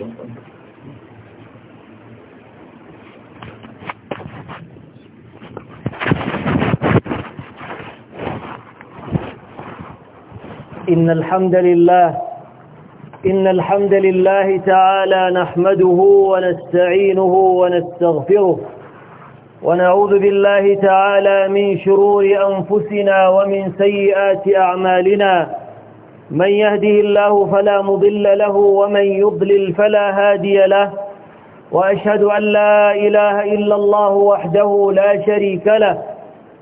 إن الحمد لله إن الحمد لله تعالى نحمده ونستعينه ونستغفره ونعوذ بالله تعالى من شرور أنفسنا ومن سيئات أعمالنا من يهده الله فلا مضل له ومن يضلل فلا هادي له وأشهد أن لا إله إلا الله وحده لا شريك له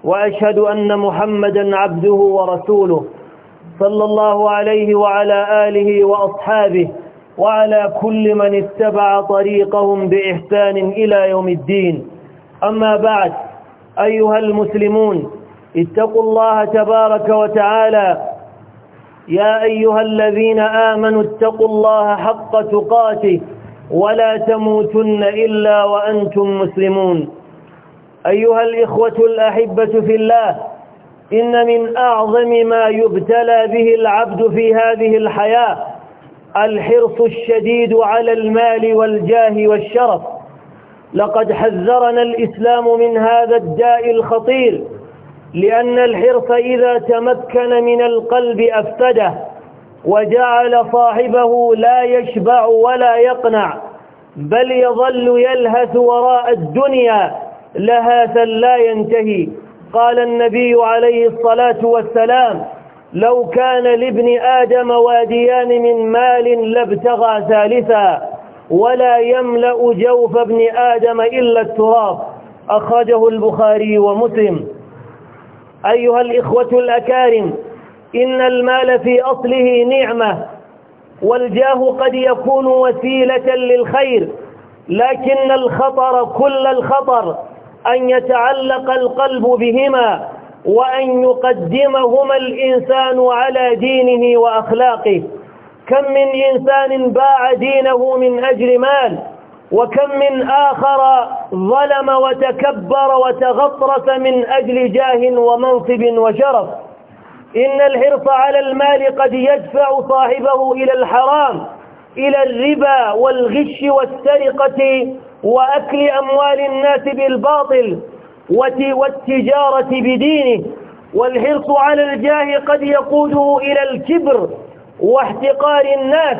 وأشهد أن محمدا عبده ورسوله صلى الله عليه وعلى آله وأصحابه وعلى كل من اتبع طريقهم بإحسان إلى يوم الدين أما بعد أيها المسلمون اتقوا الله تبارك وتعالى يا أيها الذين آمنوا اتقوا الله حق تقاته ولا تموتن إلا وأنتم مسلمون أيها الإخوة الأحبة في الله إن من أعظم ما يبتلى به العبد في هذه الحياة الحرص الشديد على المال والجاه والشرف لقد حذرنا الإسلام من هذا الداء الخطير لأن الحرص إذا تمكن من القلب أفسده وجعل صاحبه لا يشبع ولا يقنع بل يظل يلهث وراء الدنيا لهاثا لا ينتهي قال النبي عليه الصلاة والسلام لو كان لابن آدم واديان من مال لابتغى ثالثا ولا يملأ جوف ابن آدم إلا التراب أخرجه البخاري ومسلم أيها الإخوة الأكارم إن المال في أصله نعمة والجاه قد يكون وسيلة للخير لكن الخطر كل الخطر أن يتعلق القلب بهما وأن يقدمهما الإنسان على دينه وأخلاقه كم من إنسان باع دينه من أجل مال وكم من آخر ظلم وتكبر وتغطرس من أجل جاه ومنصب وشرف إن الحرص على المال قد يدفع صاحبه إلى الحرام إلى الربا والغش والسرقة وأكل أموال الناس بالباطل والتجارة بدينه والحرص على الجاه قد يقوده إلى الكبر واحتقار الناس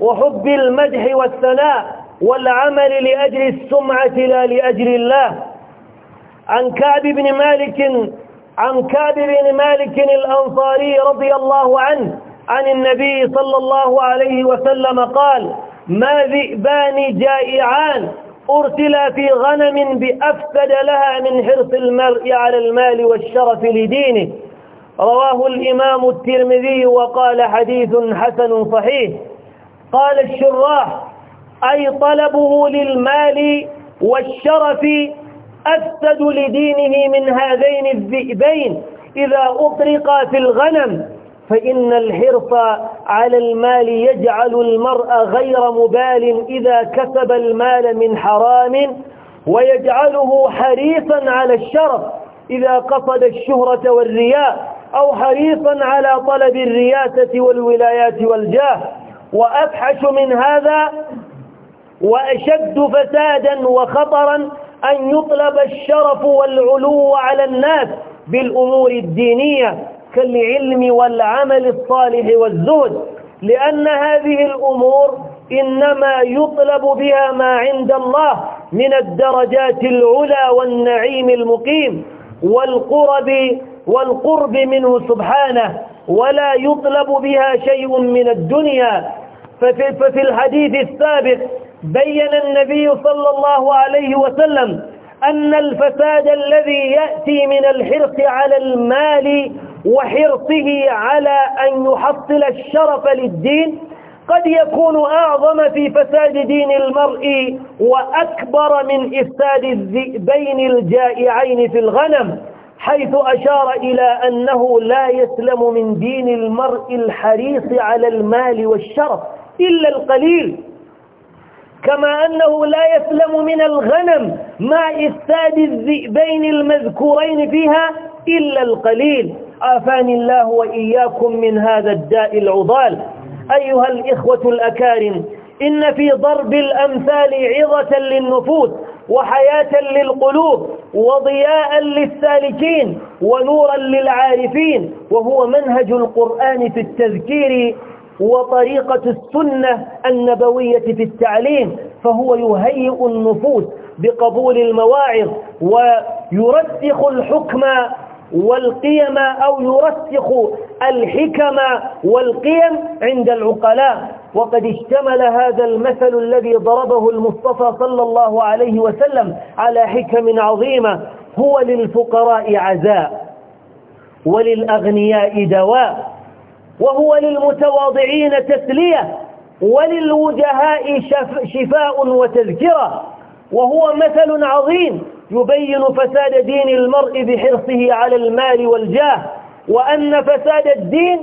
وحب المدح والثناء والعمل لأجل السمعة لا لأجل الله عن كعب بن مالك عن كعب بن مالك الأنصاري رضي الله عنه عن النبي صلى الله عليه وسلم قال ما ذئبان جائعان أرسلا في غنم بأفسد لها من حرص المرء على المال والشرف لدينه رواه الإمام الترمذي وقال حديث حسن صحيح قال الشراح أي طلبه للمال والشرف أفسد لدينه من هذين الذئبين إذا أطرق في الغنم فإن الحرص على المال يجعل المرء غير مبال إذا كسب المال من حرام ويجعله حريصا على الشرف إذا قصد الشهرة والرياء أو حريصا على طلب الرياسة والولايات والجاه وأفحش من هذا وأشد فسادا وخطرا أن يطلب الشرف والعلو على الناس بالأمور الدينية كالعلم والعمل الصالح والزهد لأن هذه الأمور إنما يطلب بها ما عند الله من الدرجات العلى والنعيم المقيم والقرب والقرب منه سبحانه ولا يطلب بها شيء من الدنيا ففي, ففي الحديث السابق بين النبي صلى الله عليه وسلم أن الفساد الذي يأتي من الحرص على المال وحرصه على أن يحصل الشرف للدين قد يكون أعظم في فساد دين المرء وأكبر من إفساد الذئبين الجائعين في الغنم حيث أشار إلى أنه لا يسلم من دين المرء الحريص على المال والشرف إلا القليل كما أنه لا يسلم من الغنم مع إفساد الذئبين المذكورين فيها إلا القليل عافاني الله وإياكم من هذا الداء العضال أيها الإخوة الأكارم إن في ضرب الأمثال عظة للنفوس وحياة للقلوب وضياء للسالكين ونورا للعارفين وهو منهج القرآن في التذكير وطريقة السنة النبوية في التعليم فهو يهيئ النفوس بقبول المواعظ ويرسخ الحكم والقيم أو يرسخ الحكم والقيم عند العقلاء وقد اشتمل هذا المثل الذي ضربه المصطفى صلى الله عليه وسلم على حكم عظيمة هو للفقراء عزاء وللأغنياء دواء وهو للمتواضعين تسلية وللوجهاء شفاء وتذكرة وهو مثل عظيم يبين فساد دين المرء بحرصه على المال والجاه وأن فساد الدين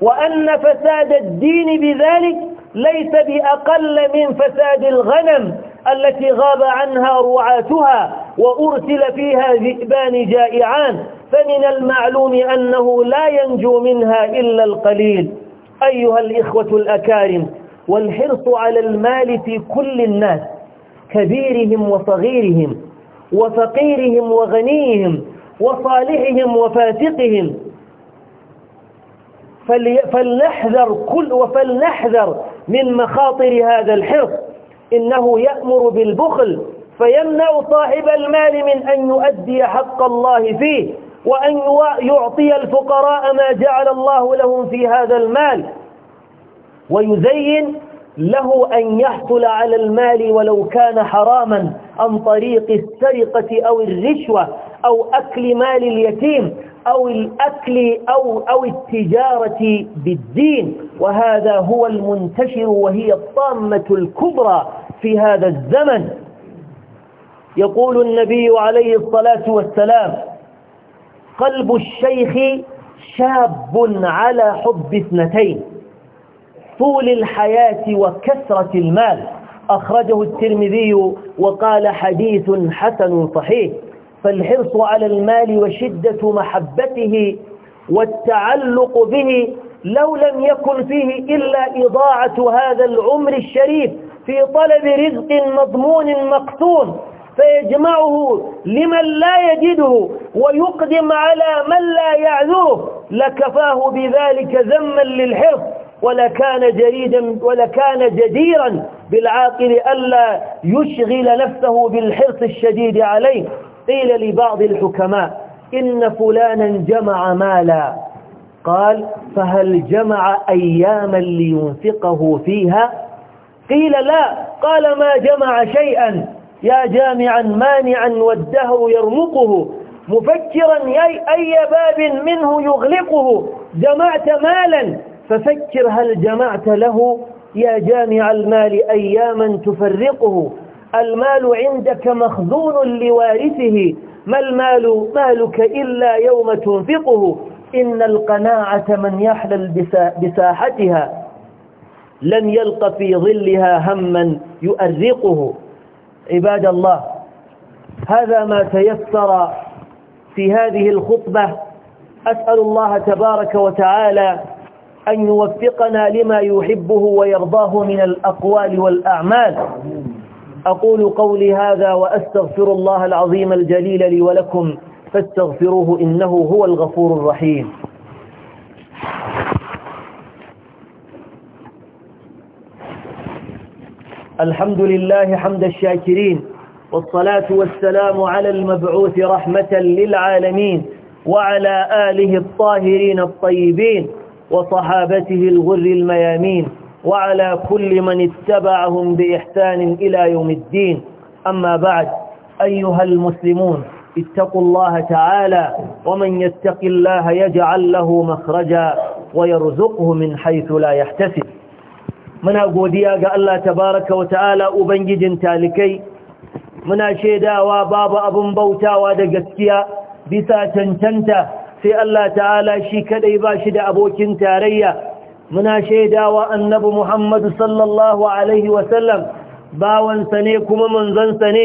وأن فساد الدين بذلك ليس بأقل من فساد الغنم التي غاب عنها رعاتها وأرسل فيها ذئبان جائعان فمن المعلوم أنه لا ينجو منها إلا القليل أيها الإخوة الأكارم والحرص على المال في كل الناس كبيرهم وصغيرهم وفقيرهم وغنيهم وصالحهم وفاسقهم فلنحذر كل وفلنحذر من مخاطر هذا الحرص إنه يأمر بالبخل فيمنع صاحب المال من أن يؤدي حق الله فيه وأن يعطي الفقراء ما جعل الله لهم في هذا المال ويزين له أن يحصل على المال ولو كان حراما عن طريق السرقة أو الرشوة أو أكل مال اليتيم أو الأكل أو, أو التجارة بالدين وهذا هو المنتشر وهي الطامة الكبرى في هذا الزمن يقول النبي عليه الصلاة والسلام قلب الشيخ شاب على حب اثنتين طول الحياة وكثرة المال أخرجه الترمذي وقال حديث حسن صحيح فالحرص على المال وشدة محبته والتعلق به لو لم يكن فيه إلا إضاعة هذا العمر الشريف في طلب رزق مضمون مقتون فيجمعه لمن لا يجده ويقدم على من لا يعذره لكفاه بذلك ذما للحرص ولكان جريدا ولكان جديرا بالعاقل ألا يشغل نفسه بالحرص الشديد عليه قيل لبعض الحكماء إن فلانا جمع مالا قال فهل جمع أياما لينفقه فيها قيل لا قال ما جمع شيئا يا جامعا مانعا والدهر يرمقه مفكرا أي باب منه يغلقه جمعت مالا ففكر هل جمعت له يا جامع المال أياما تفرقه المال عندك مخزون لوارثه ما المال مالك إلا يوم تنفقه إن القناعة من يحلل بساحتها لن يلقى في ظلها هما يؤرقه عباد الله هذا ما تيسر في هذه الخطبة أسأل الله تبارك وتعالى أن يوفقنا لما يحبه ويرضاه من الأقوال والأعمال أقول قولي هذا وأستغفر الله العظيم الجليل لي ولكم فاستغفروه إنه هو الغفور الرحيم الحمد لله حمد الشاكرين والصلاة والسلام على المبعوث رحمة للعالمين وعلى آله الطاهرين الطيبين وصحابته الغر الميامين وعلى كل من اتبعهم بإحسان إلى يوم الدين أما بعد أيها المسلمون اتقوا الله تعالى ومن يتق الله يجعل له مخرجا ويرزقه من حيث لا يحتسب muna godiya ga Allah tabaraka wa ta'ala ubangijin talikai muna shaidawa babu abin bautawa da gaskiya bisa cancanta sai Allah ta'ala shi kadai ba shi da abokin tarayya muna shaidawa annabi Muhammadu sallallahu alaihi wa sallam bawansa ne kuma manzansa ne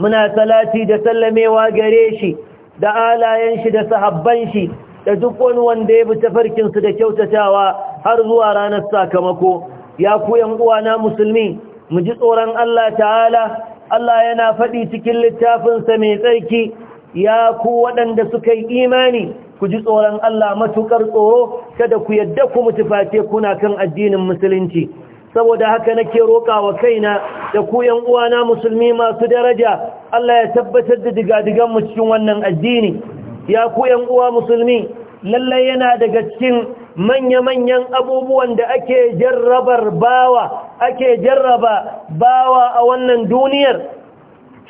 muna salati da sallamewa gare shi da alayen shi da sahabban shi da duk wani wanda ya bi tafarkinsu da kyautatawa har zuwa ranar sakamako ya ku yan na musulmi mu ji tsoron Allah ta'ala Allah yana faɗi cikin littafinsa mai tsarki ya ku waɗanda suka yi imani ku ji tsoron Allah matukar tsoro kada ku yadda ku mutufate kuna kan addinin musulunci saboda haka nake wa kaina da ku yan na musulmi masu daraja Allah ya tabbatar da digadigan mu cikin wannan addini ya ku yan uwa musulmi lallai yana daga cikin manya-manyan abubuwan da ake jarrabar bawa ake jarraba bawa a wannan duniyar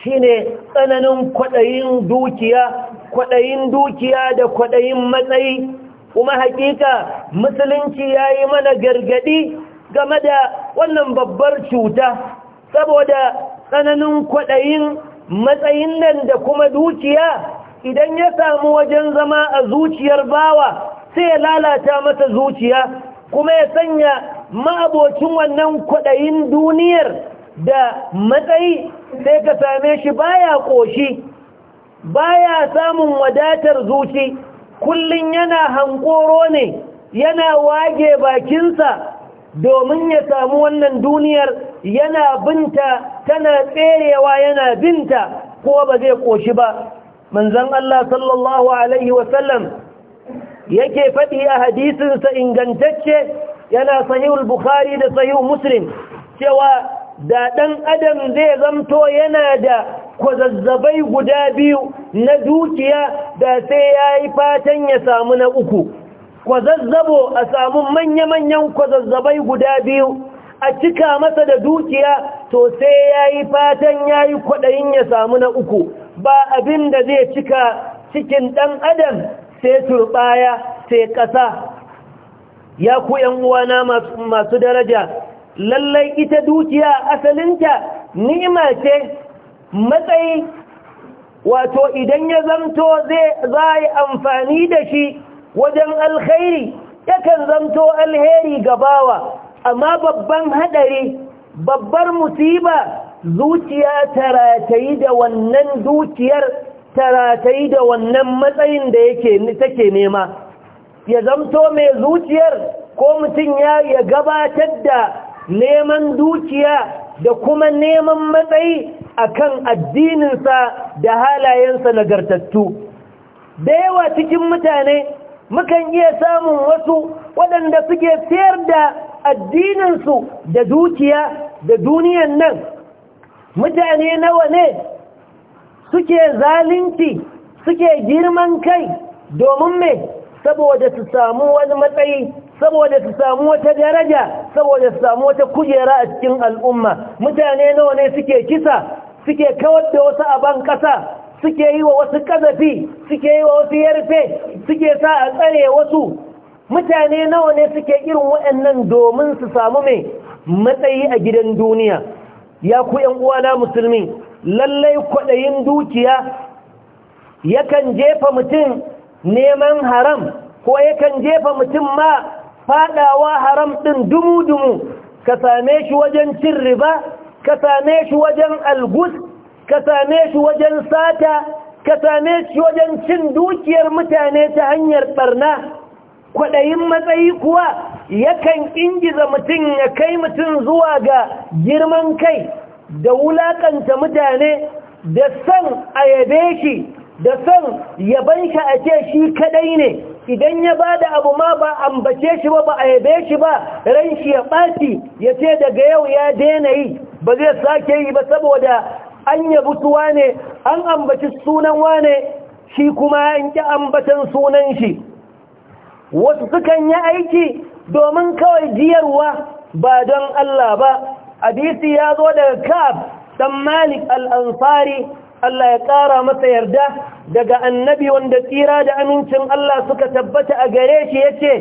shine tsananin kwaɗayin dukiya kwaɗayin dukiya da kwaɗayin matsayi kuma hakika musulunci ya yi mana gargadi game da wannan babbar cuta saboda tsananin kwaɗayin matsayin nan da kuma dukiya idan ya samu wajen zama a zuciyar bawa sai ya lalata mata zuciya kuma ya sanya ma'abocin wannan kwaɗayin duniyar da matsayi sai ka same shi baya ƙoshi baya samun wadatar zuci kullum yana hankoro ne yana wage bakinsa domin ya samu wannan duniyar yana binta tana tserewa yana binta ko ba zai ƙoshi ba manzan Allah sallallahu Alaihi wasallam yake faɗi a hadisinsa ingantacce yana sahihul bukhari da sahihu muslim cewa da ɗan adam zai zamto yana da kwazazzabai guda biyu na dukiya da sai ya fatan ya samu na uku kwazazzabo a samu manya-manyan kwazazzabai guda biyu a cika masa da dukiya to sai yayi fatan ya yi kwaɗayin ya samu na uku ba abin da zai cika cikin ɗan adam sai turɓaya sai ƙasa ya ku uwana masu daraja lallai ita dukiya asalinta ni'ima ce matsayi wato idan ya zamto zai yi amfani da shi wajen alkhairi yakan zamto alheri gabawa amma babban hadari babbar musiba zuciya ta ratayi da wannan dukiyar taratayi da wannan matsayin da yake take nema ya zamto mai zuciyar ko mutum ya gabatar da neman dukiya da kuma neman matsayi a kan addininsa da halayensa nagartattu da yawa cikin mutane mukan iya samun wasu waɗanda suke sayar da addininsu da dukiya da duniyan nan mutane nawa ne suke zalunci suke girman kai domin me saboda su samu wani matsayi saboda su samu wata daraja saboda su samu wata kujera a cikin al'umma mutane nawa ne suke kisa suke kawar da wasu aban kasa suke yi wa wasu kazafi suke yi wa wasu yarfe suke sa a tsare wasu mutane nawa ne suke irin waɗannan domin su samu mai matsayi a gidan duniya ya ku 'yan uwana musulmi lallai kwaɗayin dukiya yakan jefa mutum neman haram ko yakan jefa mutum ma faɗawa haram ɗin dumu-dumu ka same shi wajen cin riba ka same shi wajen algus ka same shi wajen sata ka same shi wajen cin dukiyar mutane ta hanyar ɓarna kwaɗayin matsayi kuwa yakan ingiza mutum ya kai mutum zuwa ga girman kai da wulaƙanta mutane da son a yabe shi da son yaban shi a ce shi kadai ne idan ya ba da abu ma ba ambace shi ba ba a yabe shi ba ran shi ya ɓaci ya ce daga yau ya daina yi ba zai sake yi ba saboda an yabi tuwa ne an ambaci sunan ne shi kuma an ƙi ambatan sunan shi wasu sukan yi aiki domin kawai jiyarwa ba don Allah ba hadisi ya zo daga kab dan malik al-ansari Allah ya ƙara masa yarda daga annabi wanda tsira da amincin Allah suka tabbata a gare shi ya ce,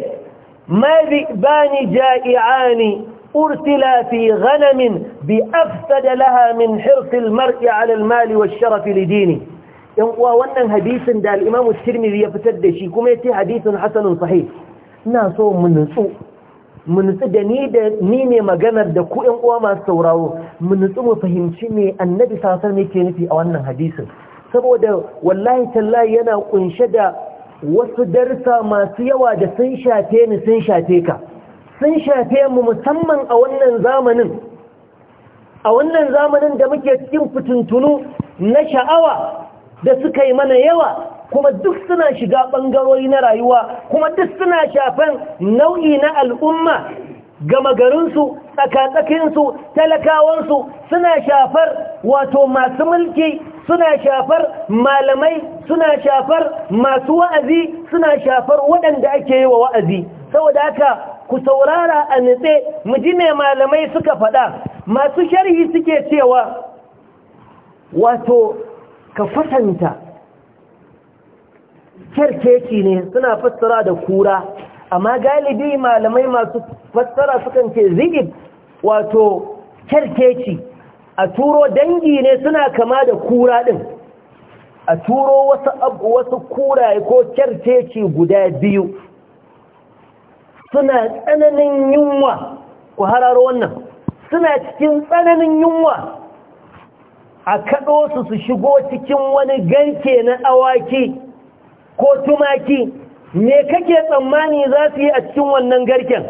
bani ja'i'ani, ursila fi ghanamin bi afsada laha min hirsil mar'i alal mali wa sharafi dini ‘Yan uwa wannan hadisin da al'imamu Tirmidhi ya fitar da shi kuma yace ce hadisin Hassanun sahih. Ina so mu nutsu mu nutsu da ni da ni ne maganar da ku ƴan uwa masu sauraro mu nutsu mu fahimci me annabi sasar ne ke nufi a wannan hadisin saboda wallahi tallahi yana kunshe da wasu darsa masu yawa da sun shafe ni sun shafe ka sun shafe mu musamman a wannan zamanin a wannan zamanin da muke cikin fitintunu na sha'awa da suka yi mana yawa kuma duk suna shiga ɓangarori na rayuwa kuma duk suna shafan nau'i na al'umma gama garinsu tsakatsakinsu talakawansu suna shafar wato masu mulki suna shafar malamai suna shafar masu wa'azi suna shafar waɗanda ake yi wa wa'azi saboda haka ku saurara a nitse mu ji me malamai suka faɗa masu sharhi suke cewa wato ka fatanta kerkeci ne suna fassara da kura amma galibi malamai masu fassara sukan ce zigib wato kerkeci a turo dangi ne suna kama da kura din a turo wasu wasu kuraye ko kerkeci guda biyu suna tsananin yunwa ku hararo wannan suna cikin tsananin yunwa a kaɗo su su shigo cikin wani ganke na awaki ko tumaki me kake tsammani za su yi a cikin wannan garken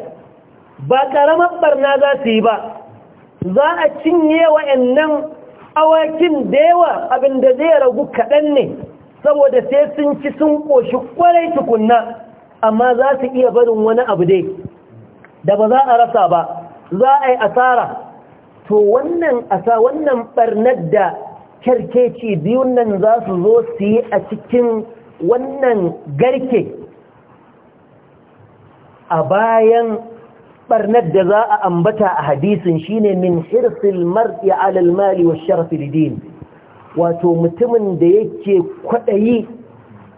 ba ƙaramar ɓarna za su yi ba za a cinye wa ƴannan awakin da yawa abin da zai ragu kaɗan ne saboda sai sun ci sun ƙoshi ƙwarai tukunna amma za su iya barin wani abu dai da ba za a rasa ba za a yi asara to wannan asa wannan ɓarnar da kyarkeci biyun nan za su zo su yi a cikin wannan garke a bayan ɓarnar da za a ambata a hadisin shine min hirsil mar'i alal mali wa sharafil din wato mutumin da yake kwadayi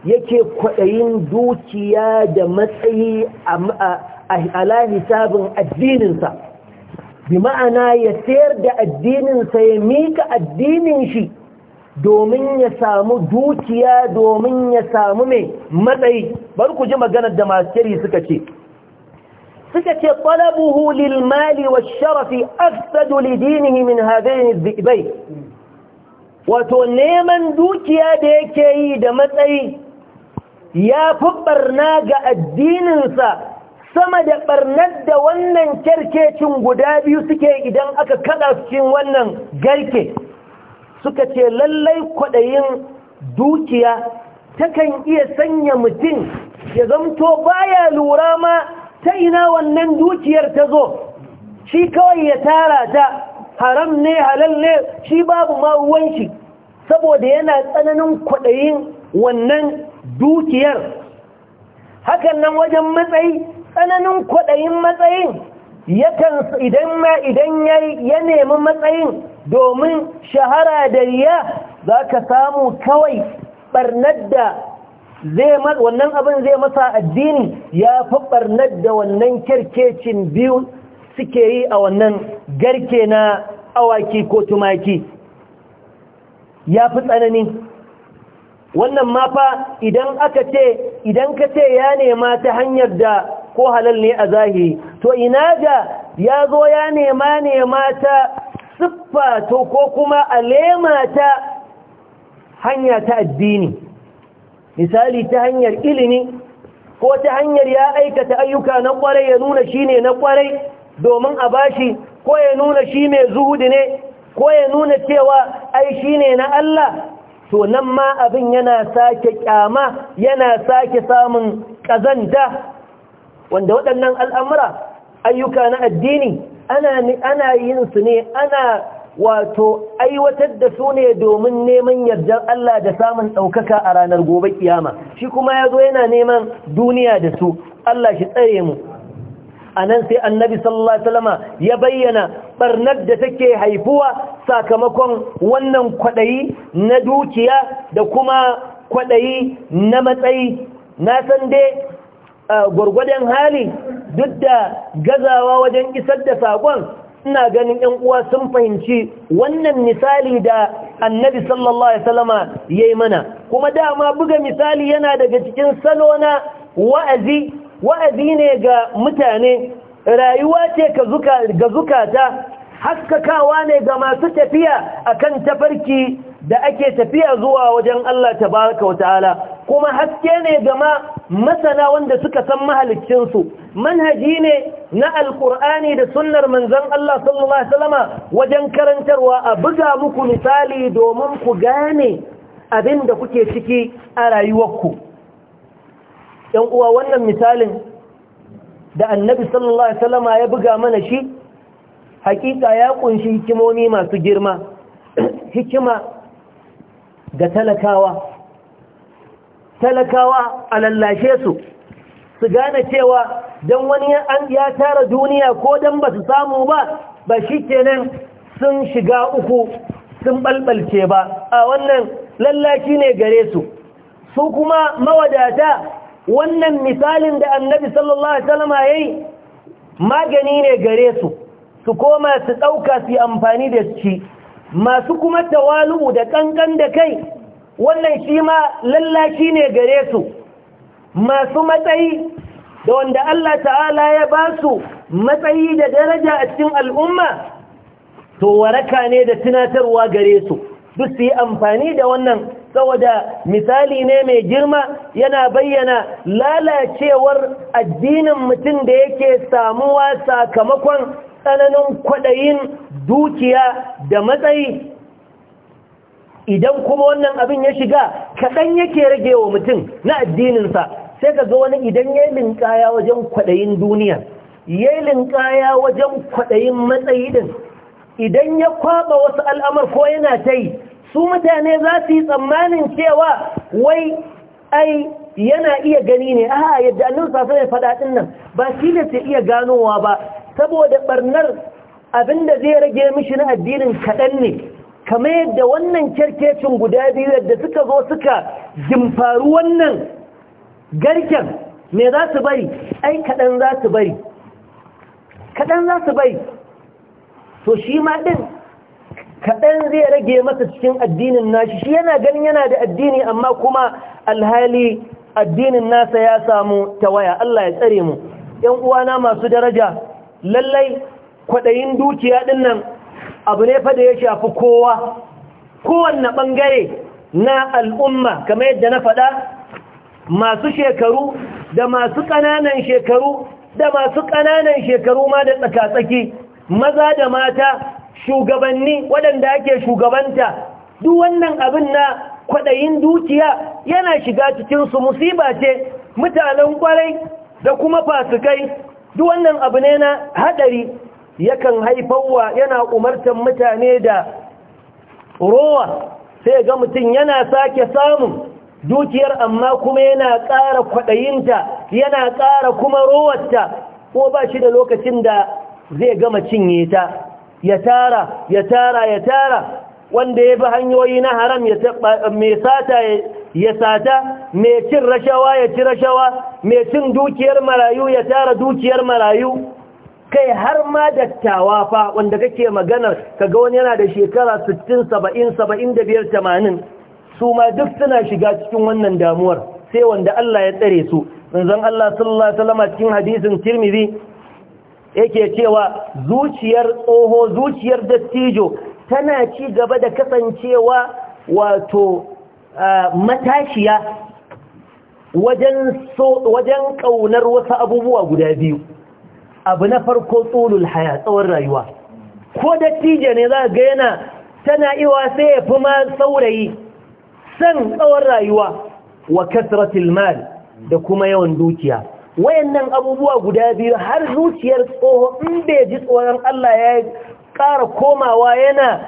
yake kwadayin dukiya da matsayi a lahisabin addininsa bi ma'ana ya sayar da addininsa ya mika addinin shi domin ya samu dukiya domin ya samu mai matsayi bar ku ji maganar da masu suka ce suka ce talabuhu lil mali wa sharafi afsadu li dinihi min hadaini dhibai wato neman dukiya da yake yi da matsayi ya fi barna ga addininsa sama da barnar da wannan kyarkecin guda biyu suke idan aka kada cikin wannan garke suka ce lallai kwaɗayin dukiya takan iya sanya mutum ya zamto baya lura ma ta ina wannan dukiyar ta zo shi kawai ya tara ta haram ne halal ne shi babu ma ruwan shi saboda yana tsananin kwaɗayin wannan dukiyar hakan nan wajen matsayi tsananin kwaɗayin matsayin yakan idan idan ya nemi matsayin domin shahara da riya za ka samu kawai ɓarnar da wannan abin zai masa addini ya fi ɓarnar da wannan kyarkecin biyu suke yi a wannan garke na awaki ko tumaki ya fi tsanani wannan mafa fa idan aka ce idan ka ce ya nema ta hanyar da ko halal ne a zahiri to ina ga ya zo ya nema nema ta siffa to ko kuma alema ta hanya ta addini misali ta hanyar ilimi ko ta hanyar ya aikata ayyuka na kwarai ya nuna shi ne na kwarai domin a bashi ko ya nuna shi mai zuhudi ne ko ya nuna cewa ai shi ne na Allah to nan ma abin yana sake kyama yana sake samun kazanta wanda waɗannan al'amura ayyuka na addini ana yin su ne ana wato aiwatar da su ne domin neman yardar Allah da samun ɗaukaka a ranar gobe kiyama shi kuma ya zo yana neman duniya da su Allah shi tsare mu a nan sai annabi sallallahu alaihi ya bayyana barnar da take haifuwa sakamakon wannan kwaɗayi na dukiya da kuma kwaɗayi na matsayi na san dai gwargwadon hali duk da gazawa wajen isar da saƙon ina ganin ‘yan uwa sun fahimci wannan misali da annabi sallallahu Alaihi wasallama ya mana kuma dama buga misali yana daga cikin salo na wa'azi wa'azi ne ga mutane rayuwa ce ga zukata haskakawa ne ga masu tafiya akan tafarki da ake tafiya zuwa wajen Allah tabaraka wata'ala kuma haske ne gama masana wanda suka san mahalicinsu manhaji ne na alkur'ani da sunnar manzon Allah sallallahu alaihi wasallama wajen karantarwa a buga muku misali domin ku gane abin da kuke ciki a rayuwarku Yan uwa wannan misalin da annabi sallallahu alaihi wasallama ya buga mana shi hakika ya kunshi hikimomi masu girma hikima ga talakawa talakawa a lallashe su su gane cewa don wani ya tara duniya ko don ba su samu ba ba shi kenan sun shiga uku sun balbalce ba a wannan lallashi ne gare su su kuma mawadata wannan misalin da annabi sallallahu alaihi ya yayi magani ne gare su su koma su ɗauka su yi amfani da shi masu kuma tawalu da ƙanƙan da kai wannan shi ma lallashi ne gare su masu matsayi da wanda Allah ta'ala ya ba su matsayi da daraja a cikin al'umma to waraka ne da tunatarwa gare su duk su yi amfani da wannan saboda misali ne mai girma yana bayyana lalacewar addinin mutum da yake samuwa sakamakon tsananin kwaɗayin dukiya da matsayi idan kuma wannan abin ya shiga kaɗan yake rage wa mutum na addininsa sai ka ga wani idan ya yi linkaya wajen kwaɗayin duniya ya yi linkaya wajen kwaɗayin matsayi ɗin idan ya kwaɓa wasu al'amar ko yana ta yi su mutane za su yi tsammanin cewa wai ai yana iya gani ne a yadda annin sasa ya faɗaɗin nan ba shi da iya ganowa ba saboda barnar abinda zai rage mishi na addinin kaɗan ne kamar yadda wannan kyarkecin guda biyu yadda suka zo suka jimfaru wannan garken me za su bari ai kaɗan za su bari kaɗan za su bari to shi ma ɗin kaɗan zai rage masa cikin addinin nashi shi yana ganin yana da addini amma kuma alhali addinin nasa ya samu tawaya Allah ya tsare mu ‘yan uwana masu daraja lallai kwaɗayin dukiya ɗin nan abu ne fa ya shafi kowa kowanne ɓangare na al'umma kamar yadda na faɗa masu shekaru da masu ƙananan shekaru da masu ƙananan shekaru ma da tsakatsaki maza da mata shugabanni waɗanda ake shugabanta duk wannan abin na kwaɗayin dukiya yana shiga cikinsu musiba ce mutanen ƙwarai da kuma fasikai duk wannan abu ne na hadari yakan haifarwa yana umartan mutane da rowa sai ga mutum yana sake samun dukiyar amma kuma yana ƙara kwaɗayinta yana ƙara kuma rowarta ko ba shi da lokacin da zai gama cinye ta ya tara ya tara ya tara wanda ya fi hanyoyi na haram mai sata ya sata mai cin rashawa ya ci rashawa mai cin dukiyar marayu ya tara dukiyar marayu kai har ma dattawa fa wanda kake maganar ka ga wani yana da shekara 60 70 75 80 su ma duk suna shiga cikin wannan damuwar sai wanda Allah ya tsare su manzon Allah sallallahu alaihi wasallam cikin hadisin Tirmidhi yake cewa zuciyar tsoho zuciyar dattijo tana ci gaba da kasancewa wato matashiya wajen ƙaunar wasu abubuwa guda biyu abu na farko tsulul haya tsawon rayuwa ko dattijo ne za ga yana tana iwa sai ya fi ma saurayi san tsawon rayuwa wa kasratil mal da kuma yawan dukiya wayannan abubuwa guda biyu har zuciyar tsoho in bai ji tsoron Allah ya ƙara komawa yana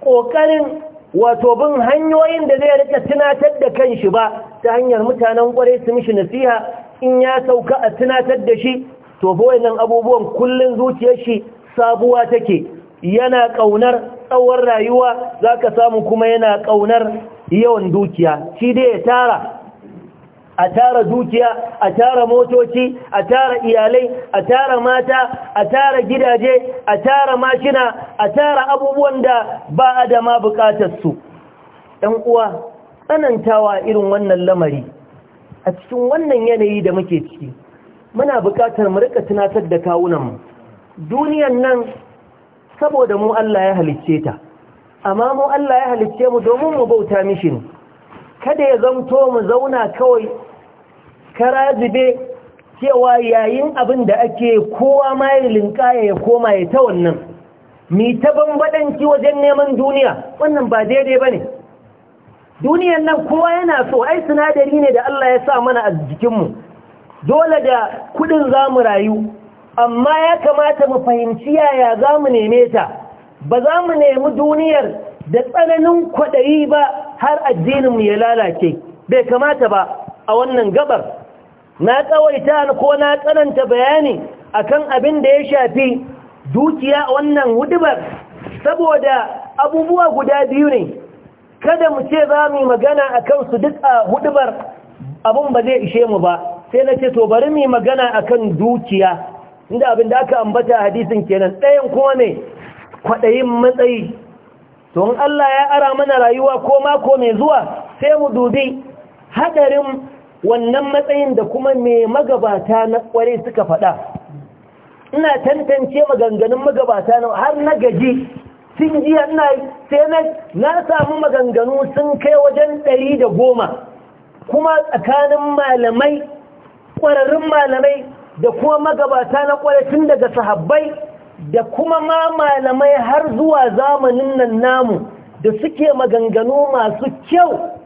ƙoƙarin wato bin hanyoyin da zai rika tunatar da kan shi ba ta hanyar mutanen ƙwarai su mishi nasiha in ya sauka a tunatar da shi to fa wayannan abubuwan kullun zuciyar shi sabuwa take yana ƙaunar tsawon rayuwa zaka samu kuma yana ƙaunar yawan dukiya shi dai ya tara a tara dukiya a tara motoci a tara iyalai a tara mata a tara gidaje a tara mashina a tara abubuwan da ba a da ma bukatarsu ɗan uwa tsanantawa irin wannan lamari a cikin wannan yanayi da muke ciki muna bukatar mu rika tunatar da mu. duniyan nan saboda mu Allah ya halicce ta amma mu Allah ya halicce mu domin mu bauta mishi ne kada ya zanto mu zauna kawai kara zube cewa yayin abin da ake kowa ma linkaya ya koma ya ta wannan mi ta bambadanci wajen neman duniya wannan ba daidai ba ne duniyan nan kowa yana so ai sinadari ne da Allah ya sa mana a jikinmu dole da kudin za mu rayu amma ya kamata mu fahimci yaya za mu neme ta ba za mu nemi duniyar da tsananin kwaɗayi ba har addininmu ya lalace bai kamata ba a wannan gabar na tsawaita ko na tsananta bayani akan abin da ya shafi dukiya wannan hudubar saboda abubuwa guda biyu ne kada mu ce za mu magana a kansu duk a hudubar abin ba zai ishe mu ba sai na ce to bari mu magana a kan dukiya inda abin da aka ambata hadisin kenan ɗayan kuma ne kwaɗayin matsayi to in Allah ya ara mana rayuwa ko mako mai zuwa sai mu dubi haɗarin. wannan matsayin da kuma mai magabata na kware suka faɗa ina tantance maganganun magabata na har na gaji sun jiya ina sai na samu maganganu sun kai wajen ɗari da goma kuma tsakanin malamai ƙwararrun malamai da kuma magabata na ƙware tun daga sahabbai da kuma ma malamai har zuwa zamanin nan namu da suke maganganu masu kyau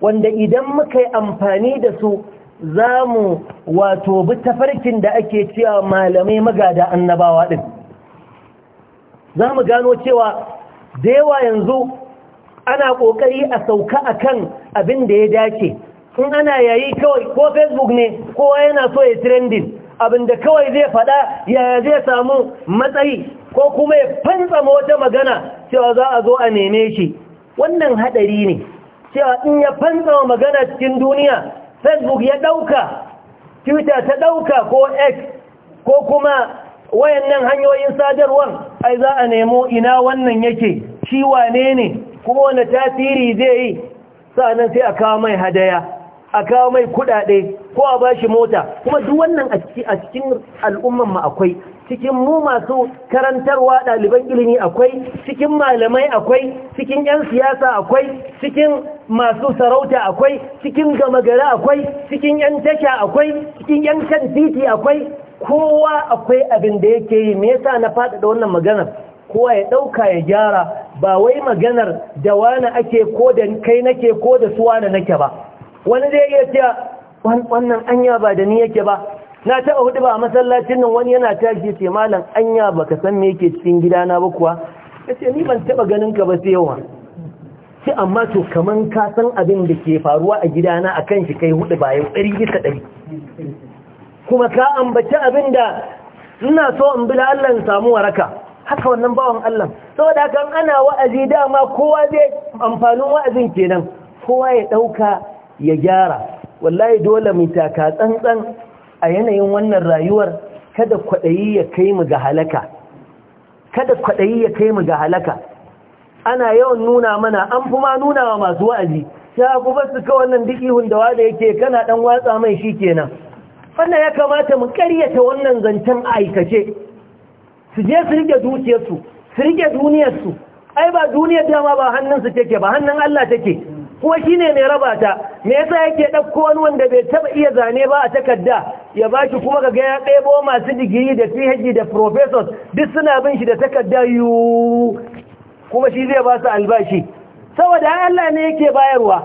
wanda idan muka yi amfani da su za mu wato bi tafarkin da ake cewa malamai magada annabawa ɗin za mu gano cewa da yawa yanzu ana ƙoƙari a sauka a kan abin da ya dace in ana yayi kawai ko facebook ne kowa yana so ya trending abin da kawai zai faɗa yaya zai samu matsayi ko kuma ya fantsama wata magana cewa za a zo a neme shi wannan haɗari ne cewa in ya fanta magana cikin duniya facebook ya ɗauka twitter ta ɗauka ko x ko kuma wayannan hanyoyin sadarwar ai za a nemo ina wannan yake shi wane ne kuma wani tasiri zai yi nan sai a kawo mai hadaya a kawo mai kuɗaɗe ko a bashi mota kuma duk wannan a cikin al'umman mu akwai cikin mu masu karantarwa ɗaliban ilimi akwai cikin malamai akwai cikin 'yan siyasa akwai cikin masu sarauta akwai cikin gama gari akwai cikin 'yan tasha akwai cikin 'yan kan titi akwai kowa akwai abin da yake yi me yasa na faɗaɗa wannan maganar kowa ya ɗauka ya gyara ba wai maganar da wani ake ko da kai nake ko da suwa nake ba wani zai iya cewa wannan anya ba da ni yake ba na taɓa hudu ba a masallacin nan wani yana tashi ce malam anya baka san me yake cikin gidana ba kuwa ya ce ni ban taba ganin ka ba sai yawa sai amma to kaman ka san abin da ke faruwa a gidana a kan shi kai hudu bayan ɗari bisa ɗari kuma ka ambaci abin da ina so in bi Allah samu waraka haka wannan bawan Allah saboda kan ana wa'azi dama kowa zai amfanin wa'azin kenan kowa ya ɗauka ya gyara wallahi dole mu taka tsantsan a yanayin wannan rayuwar kada kwaɗayi ya kai mu ga halaka kada kwaɗayi ya kai mu ga halaka ana yawan nuna mana an fi ma nuna wa masu wa'azi ya ku su ka wannan duk ihun da wada yake kana ɗan watsa mai shi kenan wannan ya kamata mu karyata wannan zancen aikace su je su rike dukiyarsu su rike duniyarsu ai ba duniyar dama ba hannunsu take ba hannun Allah take kuma shine mai raba ta me yasa yake ɗauko wani wanda bai taba iya zane ba a takarda ya bashi kuma ga ya ɗebo masu digiri da PhD da professors duk suna bin shi da takarda yu kuma shi zai ba su albashi saboda Allah ne yake bayarwa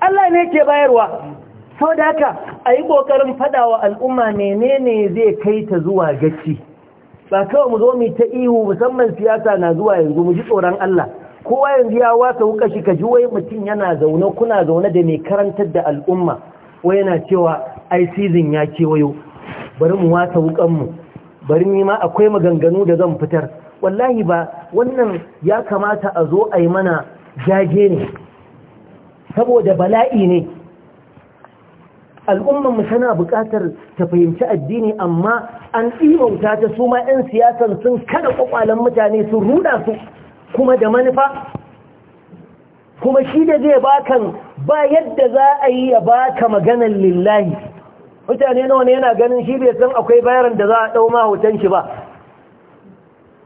Allah ne yake bayarwa saboda haka ayi kokarin wa al'umma menene zai kai ta zuwa gaci ba kawai mu zo mu ta ihu musamman siyasa na zuwa yanzu mu ji tsoron Allah kowa yanzu ya wasa wuka shi ka ji mutum yana zaune kuna zaune da mai karantar da al'umma wai yana cewa ai season ya kewayo bari mu wasa wukanmu bari ni ma akwai maganganu da zan fitar wallahi ba wannan ya kamata a zo a yi mana jage ne saboda bala'i ne mu tana buƙatar ta fahimci addini amma an ɗimauta ta su ma 'yan siyasan sun kada ƙwaƙwalen mutane sun ruda su kuma da manufa kuma shi da zai bakan ba yadda za a yi ya baka maganan lillahi mutane nawa ne yana ganin shi bai san akwai bayaran da za a ɗau mahautan shi ba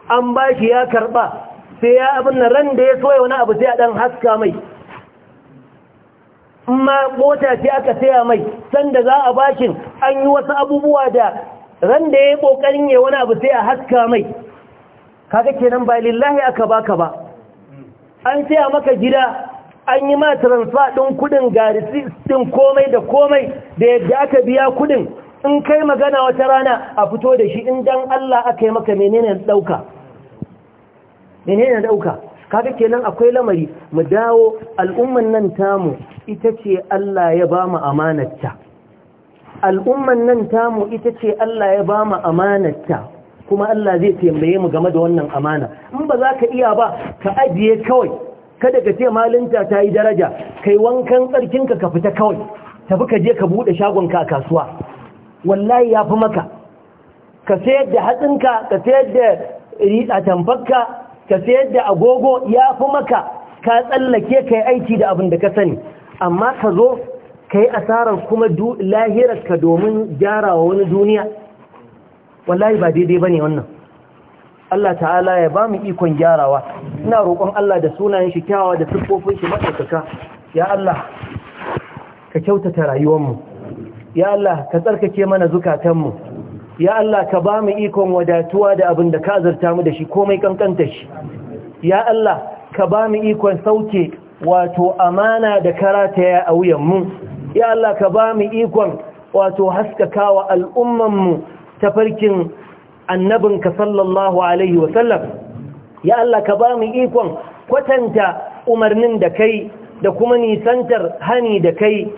an ba shi ya karɓa sai ya abin nan ran da ya soya wani abu sai a ɗan haska mai ma mota ce aka saya mai sanda za a bashin an yi wasu abubuwa da ran da ya yi ƙoƙarin ya wani abu sai a haska mai kaga kenan ba lillahi aka baka ba an saya maka gida an yi ma transfer ɗin kudin garisi ɗin komai da komai da yadda aka biya kudin in kai magana wata rana a fito da shi in dan Allah aka yi maka menene ɗauka menene ɗauka kaga kenan akwai lamari mu dawo al'umman nan tamu ita ce Allah ya ba mu amanarta al'umman nan tamu ita ce Allah ya ba mu amanarta kuma Allah zai tambaye mu game da wannan amana in ba za ka iya ba ka ajiye kawai kada ka ce malinta ta yi daraja kai wankan tsarkinka ka fita kawai tafi ka je ka buɗe shagonka a kasuwa wallahi ya fi maka ka sayar da hatsinka ka sayar da tamfarka ka sayar da agogo ya fi maka ka tsallake ka yi aiki da abin da ka sani amma ka zo ka yi asarar kuma lahirarka domin gyarawa wani duniya wallahi ba daidai bane wannan Allah ta'ala ya ba mu ikon gyarawa ina roƙon Allah da sunayen shi kyawawa da siffofin shi matsaka ya Allah ka kyautata rayuwarmu ya Allah ka tsarkake mana zukatanmu ya Allah ka ba mu ikon wadatuwa da abin da ka azurta mu da shi komai kankanta shi ya Allah ka ba mu ikon sauke wato amana da karataya a mu. ya Allah ka ba mu ikon wato haskakawa mu. tafarkin annabinka sallallahu alaihi wasallam ya Allah ka ba mu ikon kwatanta umarnin da kai da kuma nisantar hani da kai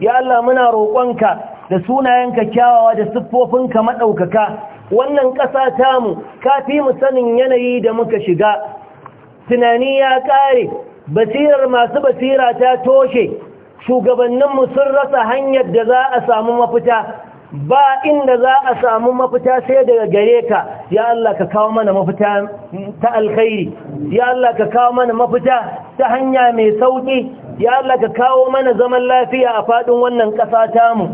ya Allah muna roƙonka da sunayenka kyawawa da siffofinka maɗaukaka wannan ƙasa tamu ka fi mu sanin yanayi da muka shiga tunani ya ƙare basirar masu basira ta toshe shugabanninmu sun rasa hanyar da za a samu mafita ba inda za a samu mafita sai daga gare ka ya Allah ka kawo mana mafita ta alkhairi ya Allah ka kawo mana mafita ta hanya mai sauki ya Allah ka kawo mana zaman lafiya a fadin wannan ƙasa tamu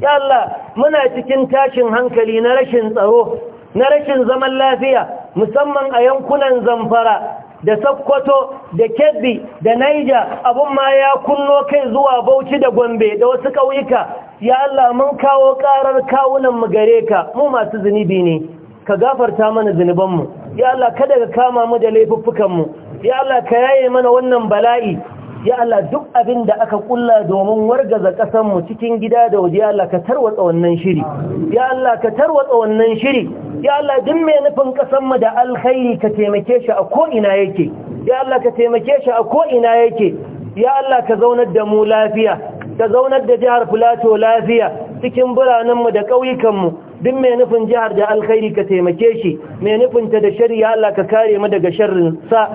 ya Allah muna cikin tashin hankali na rashin tsaro na rashin zaman lafiya musamman a yankunan zamfara da sakkwato da kebbi da naija abun ma ya kunno kai zuwa bauchi da gombe da wasu ƙauyuka ya Allah mun kawo karar kawunan mu gare ka mu masu zunubi ne ka gafarta mana zunuban mu ya Allah kada ka kama mu da laifuffukan mu ya Allah ka yaye mana wannan bala'i ya Allah duk abin da aka kulla domin wargaza ƙasar mu cikin gida da waje ya Allah ka tarwatsa wannan shiri ya Allah ka tarwatsa wannan shiri ya Allah duk mai nufin ƙasar mu da alkhairi ka taimake shi a ko ina yake ya Allah ka taimake shi a ko ina yake ya Allah ka zaunar da mu lafiya ka zaunar da jihar Filato lafiya cikin biranenmu da ƙauyukanmu duk mai nufin jihar da alkhairi ka taimake shi mai nufinta da shari'a Allah ka kare mu daga sharrin sa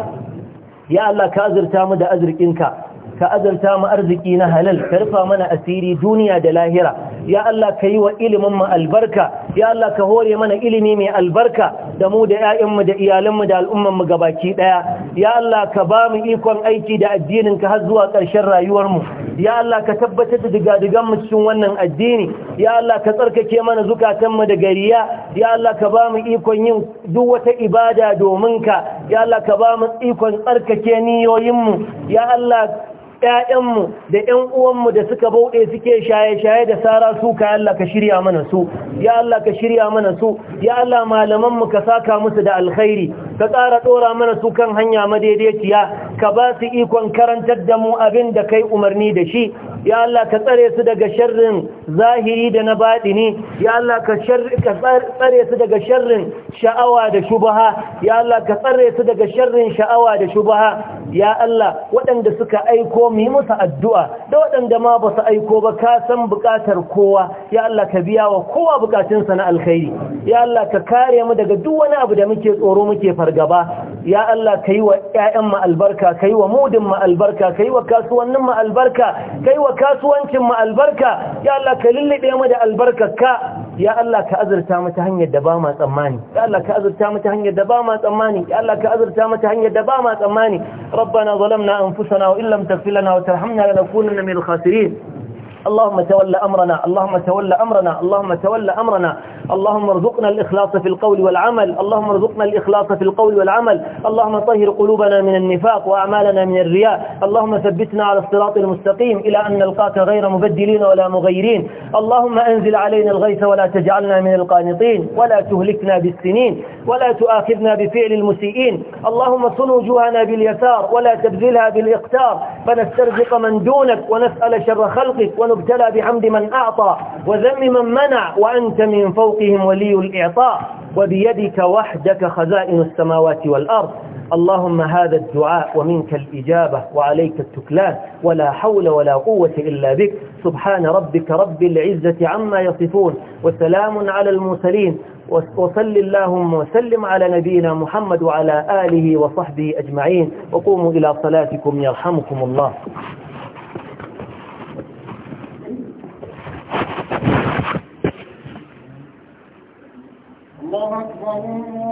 ya Allah ka azurta mu da azurkinka ka azanta mu arziki na halal ka rufa mana asiri duniya da lahira ya Allah ka yi wa ilimin mu albarka ya Allah ka hore mana ilimi mai albarka da mu da ƴaƴan mu da iyalan mu da al'umman mu gabaki daya ya Allah ka ba mu ikon aiki da addinin ka har zuwa ƙarshen rayuwar mu ya Allah ka tabbatar da digadigan mu cikin wannan addini ya Allah ka tsarkake mana zukatan mu da gariya ya Allah ka ba mu ikon yin duk wata ibada domin ka ya Allah ka ba mu ikon tsarkake niyoyin mu ya Allah Yayanmu da ƴan uwanmu da suka bauɗe suke shaye-shaye da sara su ka Allah ka shirya mana su ya Allah ka shirya mana su ya Allah malamanmu ka saka musu da alkhairi ka tsara ɗora mana su kan hanya madaidaiciya ka ba su ikon karantar da mu abin da kai umarni da shi ya Allah ka tsare su daga sharrin zahiri da na baɗini ya Allah ka tsare su daga sharrin sha'awa da shubaha ya Allah ka tsare su daga sharrin sha'awa da shubaha ya Allah waɗanda suka aiko mu yi musu addu'a da waɗanda ma ba su aiko ba ka san buƙatar kowa ya Allah ka biya wa kowa buƙatunsa na alkhairi ya Allah ka kare mu daga duk wani abu da muke tsoro muke fargaba ya Allah ka yi wa 'ya'yan mu albarka ka yi wa mudin mu albarka ka yi wa kasuwannin mu albarka ka yi wa kasuwancin mu albarka ya Allah ka lullube mu da ka. ya Allah ka azurta mu ta hanyar da ba ma tsammani ya Allah ka azurta mu ta hanyar da ba ma tsammani ya Allah ka azurta mu ta hanyar da ba ma tsammani rabbana zalamna anfusana wa illam taghfir lana wa tarhamna lanakunanna minal khasirin اللهم تول أمرنا اللهم تول أمرنا اللهم تول أمرنا اللهم ارزقنا الإخلاص في القول والعمل اللهم ارزقنا الإخلاص في القول والعمل اللهم طهر قلوبنا من النفاق وأعمالنا من الرياء اللهم ثبتنا على الصراط المستقيم إلى أن نلقاك غير مبدلين ولا مغيرين اللهم أنزل علينا الغيث ولا تجعلنا من القانطين ولا تهلكنا بالسنين ولا تؤاخذنا بفعل المسيئين اللهم صن وجوهنا باليسار ولا تبذلها بالإقتار فنسترزق من دونك ونسأل شر خلقك ونسأل مبتلى بحمد من أعطى وذم من منع وأنت من فوقهم ولي الإعطاء وبيدك وحدك خزائن السماوات والأرض اللهم هذا الدعاء ومنك الإجابة وعليك التكلان ولا حول ولا قوة إلا بك سبحان ربك رب العزة عما يصفون وسلام على المرسلين وصل اللهم وسلم على نبينا محمد وعلى آله وصحبه أجمعين وقوموا إلى صلاتكم يرحمكم الله الله أكبر